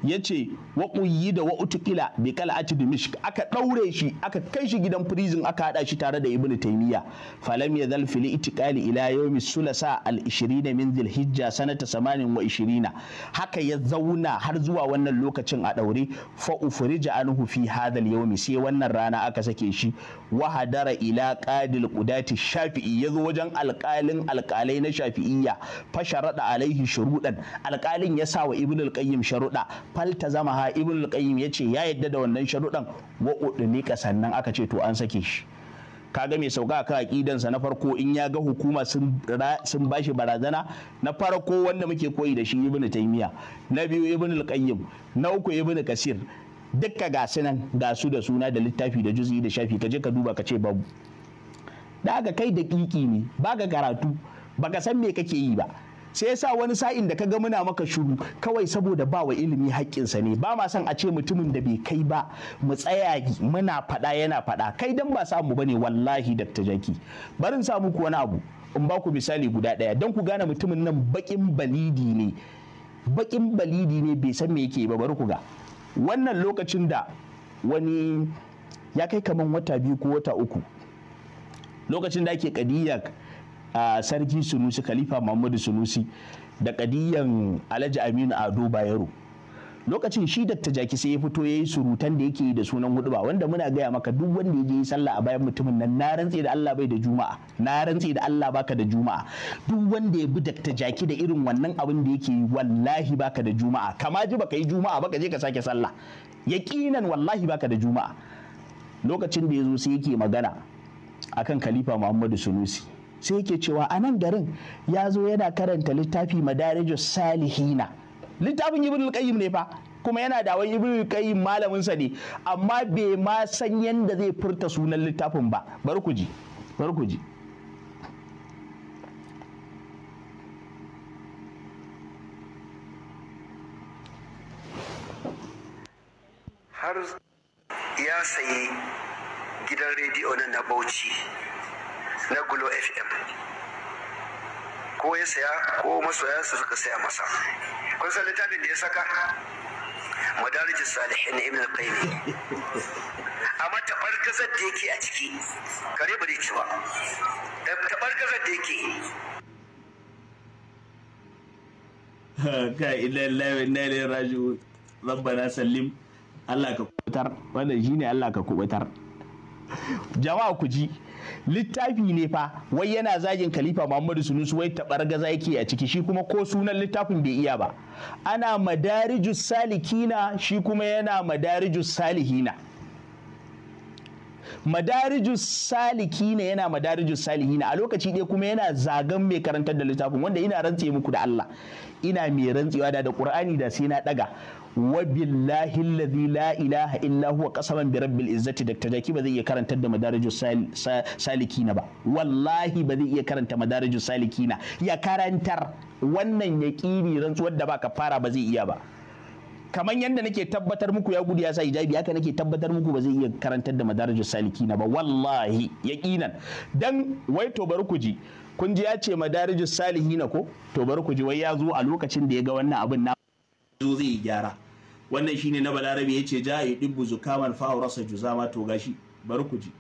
A: ya ce wa ƙuyi da wa utukila bi kal'ati dimishk aka ɗaure shi aka kai shi gidan prison aka haɗa shi tare da ibnu taymiya falam ya zal fili itikali ila yawmi sulasa al ishirina min hijja sanata samanin Wa-Ishirina. haka ya zauna har zuwa wannan lokacin a ɗaure fa ufrija anhu fi hadal-yomi. sai wannan rana aka sake shi wahadara dara ila qadil qudati shafi'i ya zo wajen alƙalin alƙalai na shafi'iyya fa sharada alaihi shurudan alƙalin ya sa wa ibnu al qayyim falta zama ha ibn al-qayyim yace ya yadda da wannan sharuɗan wa udnika sannan aka ce to an sake shi kaga mai sauka akidan sa na farko in ya ga hukuma sun bashi barazana na farko wanda muke koyi da shi ibn taymiya na biyu ibn al na uku ibn kasir dukka ga sunan ga su da suna da littafi da juzi da shafi ka je ka duba ka ce babu da aka kai da kiki ne baka karatu baka san me kake yi ba sai yasa wani sa'in da ka ga muna maka shuru kawai saboda ba wa ilimi haƙƙinsa ne ba ma san a ce mutumin da bai kai ba mu tsaya muna faɗa yana faɗa kai dan ba samu bane wallahi Dr. Jaki barin samu ku wani abu in ba ku misali guda ɗaya don ku gane mutumin nan baƙin balidi ne baƙin balidi ne bai san me yake ba bari ku ga wannan lokacin da wani ya kai kaman wata biyu ko wata uku lokacin da ake kadiyar sarki sunusi khalifa muhammadu sunusi da kadiyan alhaji aminu ado bayero lokacin shi dakta jaki sai ya fito ya yi surutan da yake da sunan hudu ba wanda muna gaya maka duk wanda ya je sallah a bayan mutumin nan na rantse da Allah bai da juma'a na rantse da Allah baka da juma'a duk wanda ya bi dakta jaki da irin wannan abin da yake yi wallahi baka da juma'a kama ji baka yi juma'a baka je ka sake sallah yaqinan wallahi baka da juma'a lokacin da ya zo sai yake magana akan khalifa Muhammadu Sunusi sai yake cewa a nan garin ya zo yana karanta littafi madarijus salihina littafin ibn al ne fa kuma yana da wani ibn qayyim malamin sa ne amma bai ma san yanda zai furta sunan littafin ba bar ku ji bar ku ji
B: har ya sayi gidan rediyo na bauchi na gulo FM ko ya saya ko masoya su suka saya masa kun san littafin da ya saka madarij salihin ibn al-qayyim amma tabarkazar da yake a ciki kare bari cewa
A: tabarkazar da yake ka ila lillahi wa inna ilaihi raji'un rabbana sallim Allah ka kubutar wannan shine Allah ka kubutar jama'a ku ji littafi ne fa wai yana zagin khalifa muhammadu sunusu wai tabar gaza yake a ciki shi kuma ko sunan littafin bai iya ba ana madariju salikina shi kuma yana madariju salihina madariju salikina yana madariju salihina a lokaci ɗaya kuma yana zagan mai karantar da littafin wanda ina rantse muku da Allah ina mai rantsewa da da Qur'ani da sai na daga wa billahi alladhi la ilaha illa huwa qasaman bi rabbil izzati dr jaki ba zai iya karanta da madarijus salikina ba wallahi ba zai iya karanta madarijus salikina ya karantar wannan yaqini rantsuwar da baka fara ba zai iya ba kamar yadda nake tabbatar muku ya gudu ya sa hijabi haka nake tabbatar muku ba zai iya karantar da madarijus salikina ba wallahi yaqinan dan wai to bari ku ji kun ji ya ce madarijus salihina ko to bari ku ji wai ya zo a lokacin da ya ga wannan abin na zo zai gyara wannan shine na balarabe ya ce ja'a yudibbu zukaman fa'urasa juzama to gashi bari ku ji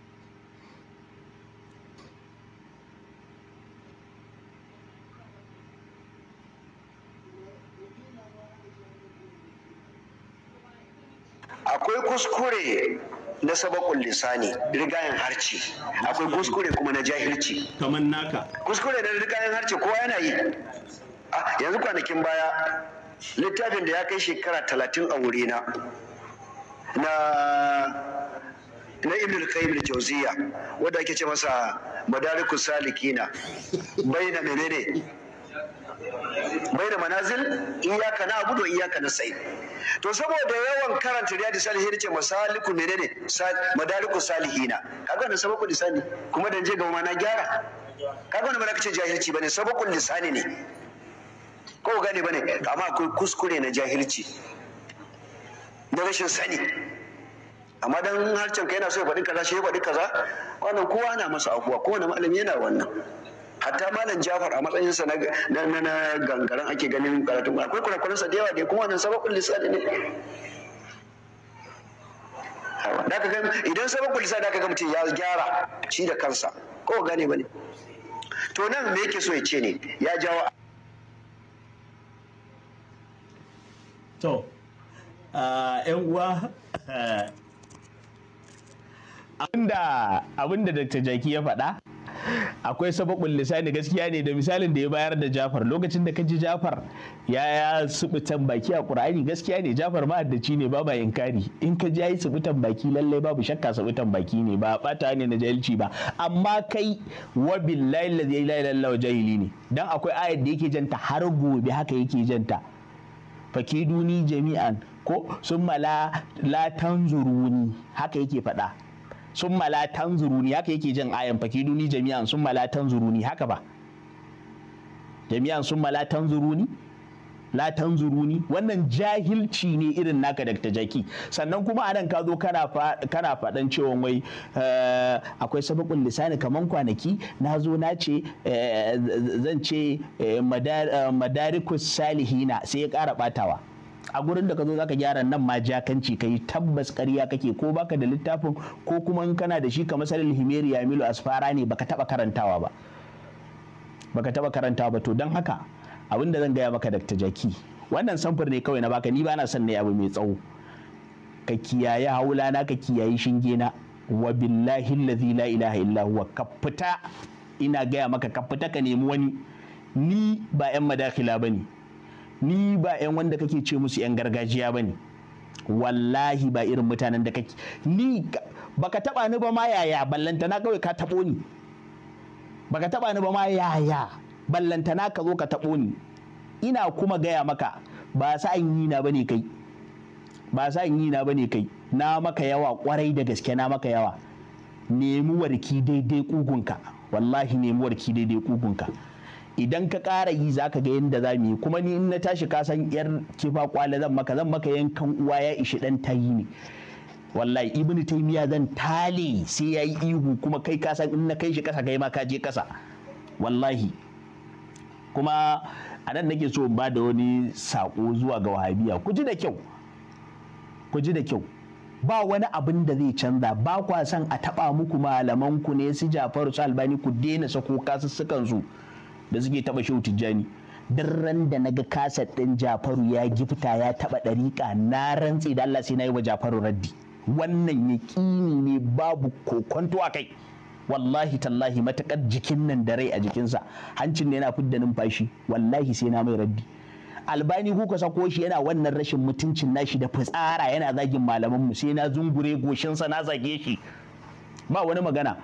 B: akwai kuskure na sabakun lisani rigayen harci akwai kuskure kuma na jahilci kamar naka kuskure na rigayen harci kowa yana yi ah, yanzu kwanakin baya littafin da ya kai shekara talatin a wurina na na ibn al-qayyim al-jawziya wanda ake ce masa madarikus salikina baina menene baina manazil iyaka na abudu wa iyaka na sai to saboda yawan karanta riyadu salihin ce masaliku menene madarikus salihina kaga wannan sabakun lisani kuma dan je ga ma na gyara kaga wannan ba ka ce jahilci bane sabakun lisani ne ko gane bane amma akwai kuskure na jahilci da rashin sani amma dan harcen ka yana so ya faɗi kaza shi ya faɗi kaza wannan kowa na masa abuwa kowane malami yana wannan hatta malam jafar a matsayinsa na na gangaren ake ganin karatun akwai sa da yawa da kuma wannan sababin lissafi ne gani idan sababin lissafi da aka ga mutum ya gyara shi da kansa ko gane bane to nan me yake so ya ce ne ya jawo
A: to yan uwa *laughs* abinda dr jaki ya faɗa akwai sababin lisani gaskiya ne da misalin da ya bayar da jafar lokacin da ka ji jafar ya ya subutan baki a ƙur'ani gaskiya ne jafar ma'addaci ne ba ba inkari in ka ji ya yi subutan baki lallai babu shakka subutan baki ne ba bata ne na jahilci ba amma kai wa billahi lallai lallai jahili ne dan akwai ayar da yake janta har gobe haka yake janta fakiduni jami'an ko sun mala la tanzuruni haka yake faɗa sun mala tanzuruni haka yake jin ayan fakiduni jami'an sun mala tanzuruni haka ba jami'an sun mala tanzuruni la tanzuruni wannan jahilci ne irin naka Dr. Jaki sannan kuma anan ka zo kana faɗan cewa wai eh, akwai sabakun lisani kaman kwanaki na zo na ce eh, zan ce eh, madarikus salihina sai ya kara ɓatawa a gurin da ka zo zaka gyara nan ma jakanci kai tabbas ƙarya kake ko baka da littafin ko kuma in kana da shi ka masalin himeri yamilu asfara ne baka taba karantawa ba baka taba karantawa ba to don haka abin da zan gaya maka Dr. Jaki wannan samfur ne kawai na baka ni ba na son abu mai tsawo ka kiyaye haula na ka kiyaye shinge na wa billahi allazi la ilaha illa huwa ka fita ina gaya maka ka fita ka nemi wani ni ba yan madakila bane ni ba yan wanda kake ce musu yan gargajiya bane wallahi ba irin mutanen da kake ni baka taba ni ba ma yaya ballanta na kawai ka tabo ni baka taba ni ba ma yaya ballantana ka zo ka taɓo ni ina kuma gaya maka ba sa an yi na bane kai ba sa an yi na bane kai na maka yawa kwarai da gaske na maka yawa nemi warki daidai kugunka wallahi nemi warki daidai kugunka idan ka ƙara yi za ka ga yadda za mu yi kuma ni in na tashi ka san yar kifa kwale zan maka zan maka yankan uwa ya ishi dan yi ne wallahi ibnu taymiya zan tale sai yayi ihu kuma kai ka san in na kai shi kasa kai ma ka je kasa wallahi kuma a nan nake so ba da wani sako zuwa ga wahabiya ku ji da kyau ku ji da kyau ba wani abin da zai canza ba kwa son a taba muku malaman ku ne su Jafaru su Albani ku daina sako kasussukan su da suke taba Shehu Tijjani duk ran da naga kaset din Jafaru ya gifta ya taba dariƙa na rantse da Allah sai na nayi wa Jafaru raddi wannan yaƙini ne babu kokonto a kai wallahi tallahi matakar jikin nan da rai a jikinsa hancin ne yana fidda numfashi wallahi sai na mai raddi albani kuka sako shi yana wannan rashin mutuncin nashi da fitsara yana zagin malamanmu. sai na zungure goshinsa na zage shi ba wani magana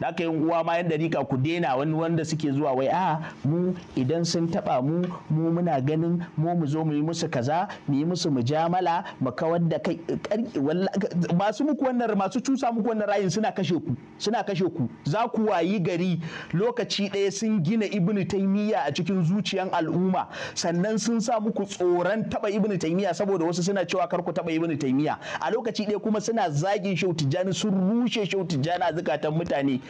A: da aka yin uwa ma yan rika ku daina wani wanda suke zuwa wai a mu idan sun taba mu mu muna ganin mu mu zo mu yi musu kaza mu yi musu mujamala mu kawar da kai masu muku wannan masu cusa muku wannan rayin suna kashe ku suna kashe ku za ku wayi gari lokaci ɗaya sun gina ibnu taymiya a cikin zuciyar al'umma sannan sun sa muku tsoron taba ibnu taymiya saboda wasu suna cewa kar ku taba ibnu taymiya a lokaci ɗaya kuma suna zagin shautijani sun rushe shautijani a zukatan mutane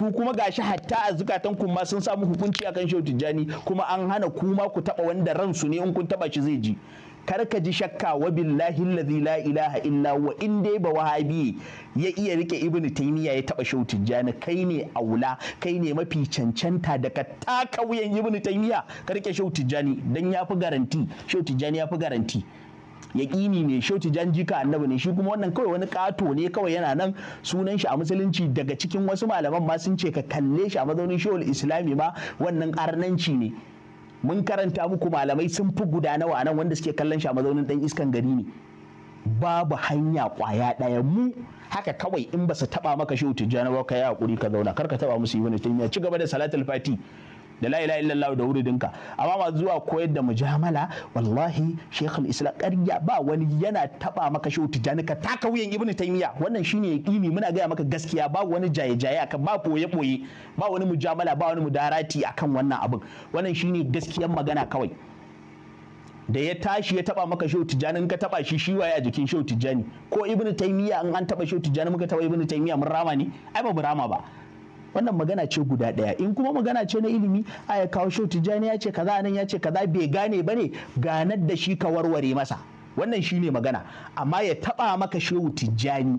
A: ku kuma gashi hatta a zukatan ku ma sun samu hukunci akan shehu tijjani kuma an hana ku ma ku taba wanda ransu ne in kun taba shi zai ji kar ka ji shakka wa billahi allazi la ilaha illa wa in dai ba wahabi ya iya rike ibn taymiya ya taba shehu tijjani kai ne aula kai ne mafi cancanta da ka taka wuyan ibn taymiya ka shehu tijjani dan ya fi garanti shehu tijjani ya fi garanti yaƙini ne shoti jika annabi ne shi kuma wannan kawai wani ƙato ne kawai yana nan sunan shi a musulunci daga cikin wasu malaman ma sun ce ka kalle shi a mazaunin shehul islami ma wannan arnanci ne mun karanta muku malamai sun fi guda nawa nan wanda suke kallon shi a mazaunin ɗan iskan gari ne babu hanya kwaya ɗaya mu haka kawai in ba su taɓa maka shi tijjani ba ka yi hakuri ka zauna kar ka taba musu ibnu taymiya ci gaba da salatul fati da la ilaha illallah da wuridinka amma ma zuwa koyar da mujamala wallahi shekul islam ƙarya ba wani yana taba maka shi tijani ka taka wuyan ibnu taymiya wannan shine yaqini muna gaya maka gaskiya ba wani jaye jaye akan ba boye boye ba wani mujamala ba wani mudarati akan wannan abin wannan shine gaskiyar magana kawai da ya tashi ya taba maka shehu tijani in ka taba shi shi waye a jikin shehu tijani ko ibnu taymiya in an taba shehu tijani muka taba ibnu taymiya mun rama ne ai ba mu rama ba wannan magana ce guda ɗaya in kuma magana ce na ilimi a ya kawo shi tijjani ya ce kaza nan ya ce kaza bai gane ba ne ganar da shi ka warware masa wannan shi ne magana amma ya taɓa maka shehu tijjani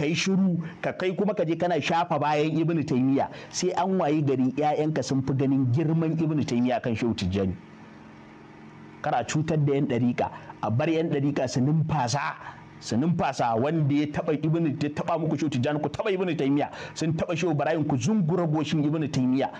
A: yi shiru ka kai kuma ka je kana shafa bayan Ibn taymiya sai an wayi gari ƴaƴanka sun fi ganin girman Ibn taymiya kan shehu tijjani kana cutar da yan ɗariƙa a bar yan ɗariƙa su numfasa su numfasa wanda ya taba ibn ya taba muku shi tijan ku taba ibn taymiya sun taba shi ibrahim ku zungura goshin ibn taymiya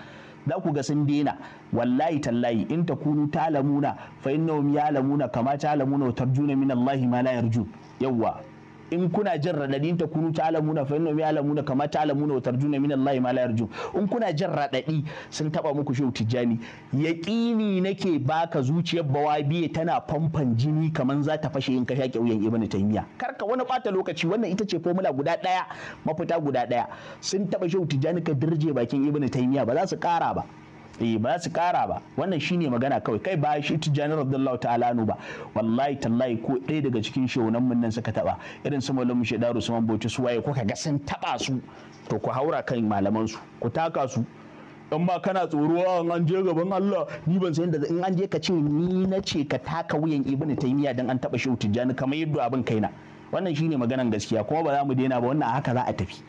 A: za ku ga sun daina wallahi tallahi in takunu talamuna fa innahum lamuna kama talamuna wa tarjuna min allahi ma la yarju yawwa in kuna jin radadin ta kunu ta alamuna fa inna alamuna kama ta alamuna wa tarjuna min Allah ma la yarju in kuna jin radadi sun taba muku shi tijjani yaqini nake baka zuciyar bawabiye tana famfon jini kaman za ta fashe in ka shaƙe wuyan ibnu taymiya karka wani bata lokaci wannan ita ce formula guda daya mafita guda daya sun taba shi tijjani ka dirje bakin ibnu taymiya ba za su kara ba eh ba su kara ba wannan shi ne magana kawai kai ba shi tijjani radiyallahu ta'ala nu ba wallahi tallahi ko ɗaya daga cikin shonan mun nan suka taba irin su malamu shedaru su man bauchi su waye kuka ga sun taɓa su to ku haura kan malaman su ku taka su in ba kana tsoro an ah, an je gaban Allah ni ban san yadda in an je ka ce ni na ce ka taka wuyan ibnu taymiya dan an taba shehu ka kamar yadda abin kaina wannan shine maganan gaskiya kuma ba za mu daina ba wannan haka za a tafi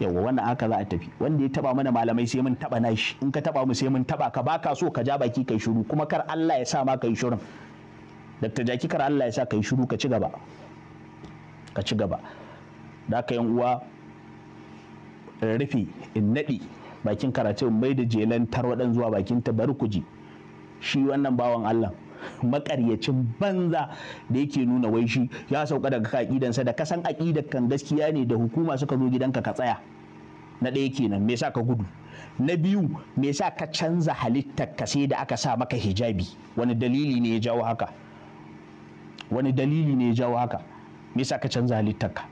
A: yawa wannan aka za a tafi wanda ya taba mana malamai sai mun taba nashi in ka taba mu sai mun taba ka baka so ka ja baki kai shiru kuma kar Allah ya sa ma kai shirin Dr. Jaki kar Allah ya sa kai shiru ka ci gaba ka ci gaba da ka yan uwa rufe in nadi bakin karatu mai da jelan tarwadan zuwa bakin ta barkuji shi wannan bawan Allah makaryacin banza da yake nuna wai shi ya sauka daga kaƙidansa da kasan aƙidar kan gaskiya ne da hukuma suka zo gidanka ka tsaya na ɗaya kenan me sa ka gudu na biyu me sa ka canza halittar ka sai da aka sa maka hijabi wani dalili ne ya jawo haka wani dalili ne ya jawo haka me sa ka canza halittar ka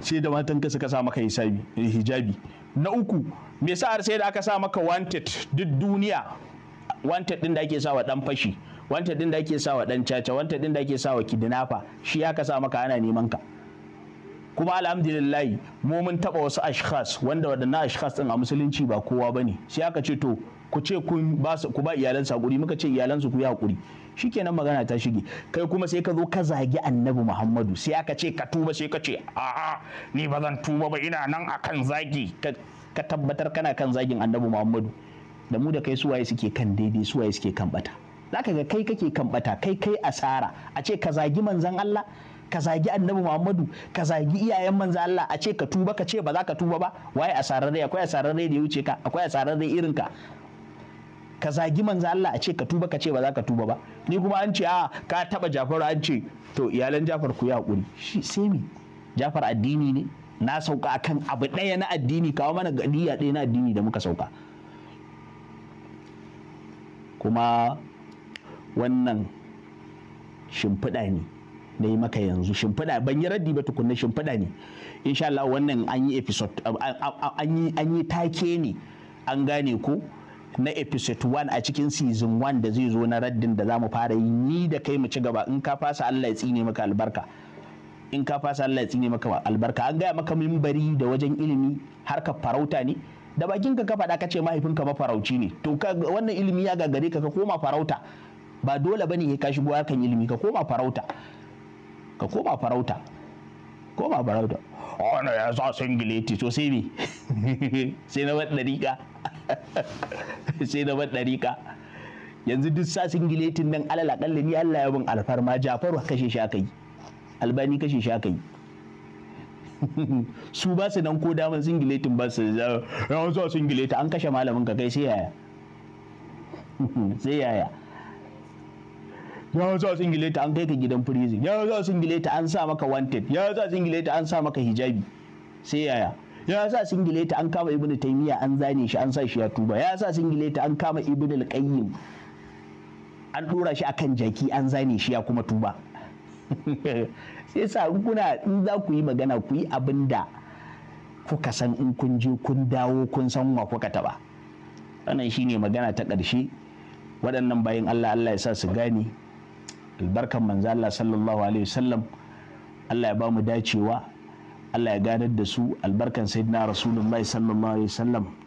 A: sai da matan ka suka sa maka eh, hijabi na uku me sa sai da aka sa maka wanted duk duniya wanted din da ake sa wa dan fashi wanta din da ake wa dan caca wanta din da ake wa kidnapper shi ya ka sa maka ana neman ka kuma alhamdulillah mu mun taba wasu ashkhas wanda wadannan ashkhas din a musulunci ba kowa bane sai aka ce to ku ce kun ba ku ba iyalan sa hakuri muka ce iyalan su ku yi hakuri shikenan magana ta shige kai kuma sai ka zo ka zagi annabi Muhammadu sai aka ce ka tuba sai ka ce a'a ni ba zan tuba ba ina nan akan zagi ka tabbatar kana kan zagin annabi Muhammadu da mu da kai suwaye suke kan daidai suwaye suke kan bata zaka ga kai kake kambata kai kai asara a ce ka zagi manzan Allah ka zagi annabi Muhammadu ka zagi iyayen manzan Allah a ce ka tuba ka ce ba za ka tuba ba waye dai akwai dai da ya wuce ka akwai dai irin ka ka zagi manzan Allah a ce ka tuba ka ce ba za ka tuba ba ni kuma an ce a ah, ka taba Jafaru an ce to iyalan Jafar ku ya hakuri shi sai me Jafar addini ne na sauka akan abu ɗaya na addini kawo mana gadiya ɗaya na addini da muka sauka kuma wannan shimfiɗa ne na yi maka yanzu shimfiɗa ban yi raddi ba tukunna shimfiɗa ne insha Allah wannan an yi episode an yi take ne an gane ko na episode 1 a cikin season 1 da zai zo na raddin da zamu fara yi ni da kai mu ci gaba in ka fasa Allah ya tsine maka albarka in ka fasa Allah ya tsine maka albarka an gaya maka mimbari da wajen ilimi harkar farauta ne da bakin ka faɗa ka ce mahaifinka mafarauci ne to wannan ilimi ya gagare ka ka koma farauta ba dole bane ka shigo kan ilimi ka koma farauta ka koma farauta koma farauta wannan ya sa singileti to sai me sai na bar dariƙa *laughs* sai na bar dariƙa yanzu duk sa singiletin nan alal akalla ni Allah ya bin alfarma Jafaru kashe shi aka yi Albani kashe shi aka yi *laughs* su ba su nan ko daman singiletin ba su yawan sa singileti an kashe malamin ka kai sai yaya *laughs* sai yaya ya za a tsingile an kai ka gidan prison ya za a tsingile an sa maka wanted ya za a tsingile an sa maka hijabi sai yaya ya sa singile ta an kama ibnu taymiya an zane shi an sa shi ya tuba ya sa singile ta an kama ibnu al-qayyim an dora shi akan jaki an zane shi ya kuma tuba *laughs* sai sa kuna in za ku yi magana ku yi abin da kuka san in kun je kun dawo kun san wa kuka taba wannan shine magana ta ƙarshe waɗannan bayan Allah Allah ya sa su gane albarkan manzo Allah sallallahu alaihi wasallam Allah ya bamu dacewa Allah ya ganar da su albarkan sayyidina rasulullahi sallallahu alaihi wasallam